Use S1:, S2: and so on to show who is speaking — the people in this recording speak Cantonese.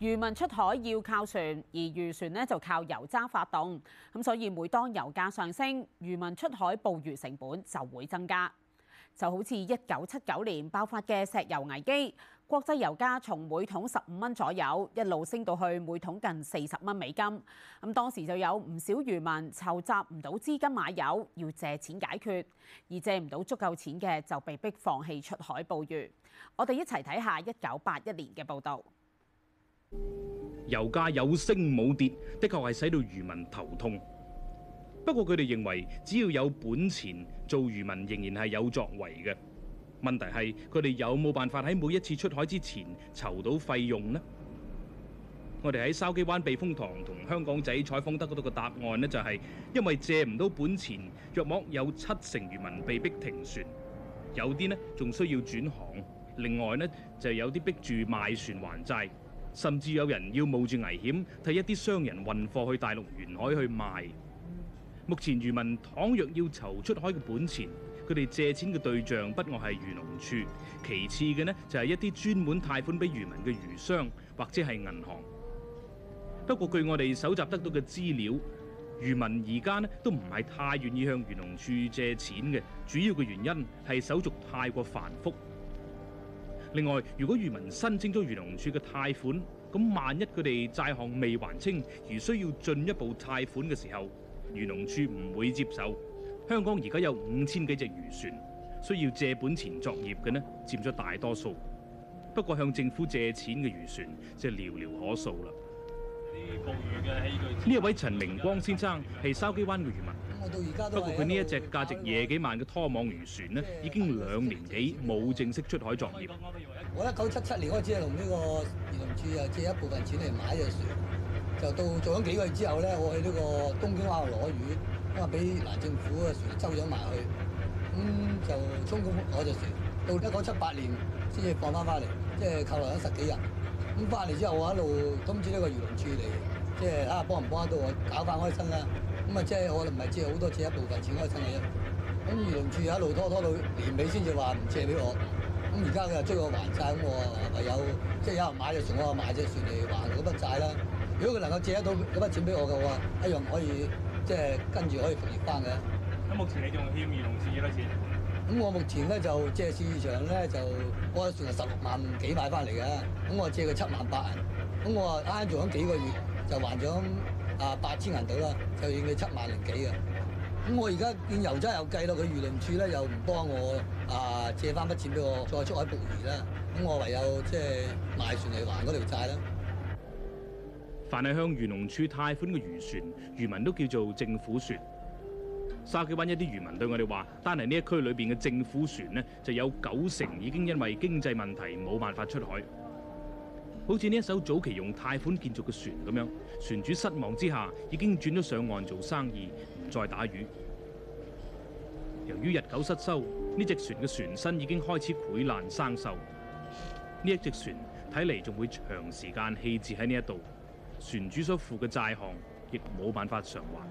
S1: 漁民出海要靠船，而漁船呢就靠油渣發動，咁所以每當油價上升，漁民出海捕魚成本就會增加。就好似一九七九年爆發嘅石油危機，國際油價從每桶十五蚊左右一路升到去每桶近四十蚊美金，咁當時就有唔少漁民籌集唔到資金買油，要借錢解決，而借唔到足夠錢嘅就被迫放棄出海捕魚。我哋一齊睇下一九八一年嘅報導。
S2: 油價有升冇跌，的確係使到漁民頭痛。不過佢哋認為，只要有本錢做漁民，仍然係有作為嘅。問題係佢哋有冇辦法喺每一次出海之前籌到費用呢？我哋喺筲箕灣避風塘同香港仔採訪得到嘅答案呢，就係因為借唔到本錢，約莫有七成漁民被逼停船，有啲呢仲需要轉行，另外呢就有啲逼住賣船還債。甚至有人要冒住危險替一啲商人運貨去大陸沿海去賣。目前漁民倘若要籌出海嘅本錢，佢哋借錢嘅對象不外係漁農處，其次嘅呢，就係一啲專門貸款俾漁民嘅漁商或者係銀行。不過據我哋搜集得到嘅資料，漁民而家呢都唔係太願意向漁農處借錢嘅，主要嘅原因係手續太過繁複。另外，如果漁民申請咗漁農處嘅貸款，咁萬一佢哋債項未還清，而需要進一步貸款嘅時候，漁農處唔會接受。香港而家有五千幾隻漁船需要借本錢作業嘅呢，佔咗大多數。不過向政府借錢嘅漁船就寥寥可數啦。呢位陳明光先生係筲箕灣嘅漁民。
S3: 到而家都，不過佢呢一
S2: 隻價值夜幾萬嘅拖網漁船咧，已經兩年幾冇正式出海作業。
S3: 我一九七七年開始係同呢個漁農處啊借一部分錢嚟買隻船，就到做咗幾個月之後咧，我去呢個東京灣度攞魚，因啊俾越南政府嘅船收咗埋去，咁就充公攞隻船。到一九七八年先至放翻翻嚟，即係扣留咗十幾日。咁翻嚟之後我一路通知呢個漁農處嚟，即係啊幫唔幫得到我搞翻開身啦。咁啊，即係我哋唔係借好多，借一部分錢嗰陣嚟嘅。咁漁農處一路拖，拖到年尾先至話唔借俾我。咁而家佢又追我還債，咁我話唯有即係、就是、有人買隻船，我買隻船嚟還嗰筆債啦。如果佢能夠借得到嗰筆錢俾我嘅話，一樣可以即係、就是、跟住可以復利翻嘅。咁目前你仲欠
S2: 漁農處幾多錢？
S3: 咁我目前咧就借市場咧就嗰隻船係十六萬幾買翻嚟嘅。咁我借佢七萬八。咁我啊啱做咗幾個月就還咗。啊，八千銀度啦，就欠佢七萬零幾嘅。咁我而家見油渣又貴到，佢漁農處咧又唔幫我啊借返筆錢俾我再出海捕魚啦。咁我唯有即係、就是、賣船嚟還嗰條債啦。
S2: 凡係向漁農處貸款嘅漁船，漁民都叫做政府船。筲箕灣一啲漁民對我哋話，單係呢一區裏邊嘅政府船呢，就有九成已經因為經濟問題冇辦法出海。好似呢一艘早期用貸款建造嘅船咁樣，船主失望之下，已經轉咗上岸做生意，唔再打魚。由於日久失修，呢隻船嘅船身已經開始潰爛生鏽。呢一隻船睇嚟仲會長時間棄置喺呢一度，船主所負嘅債項亦冇辦法償還。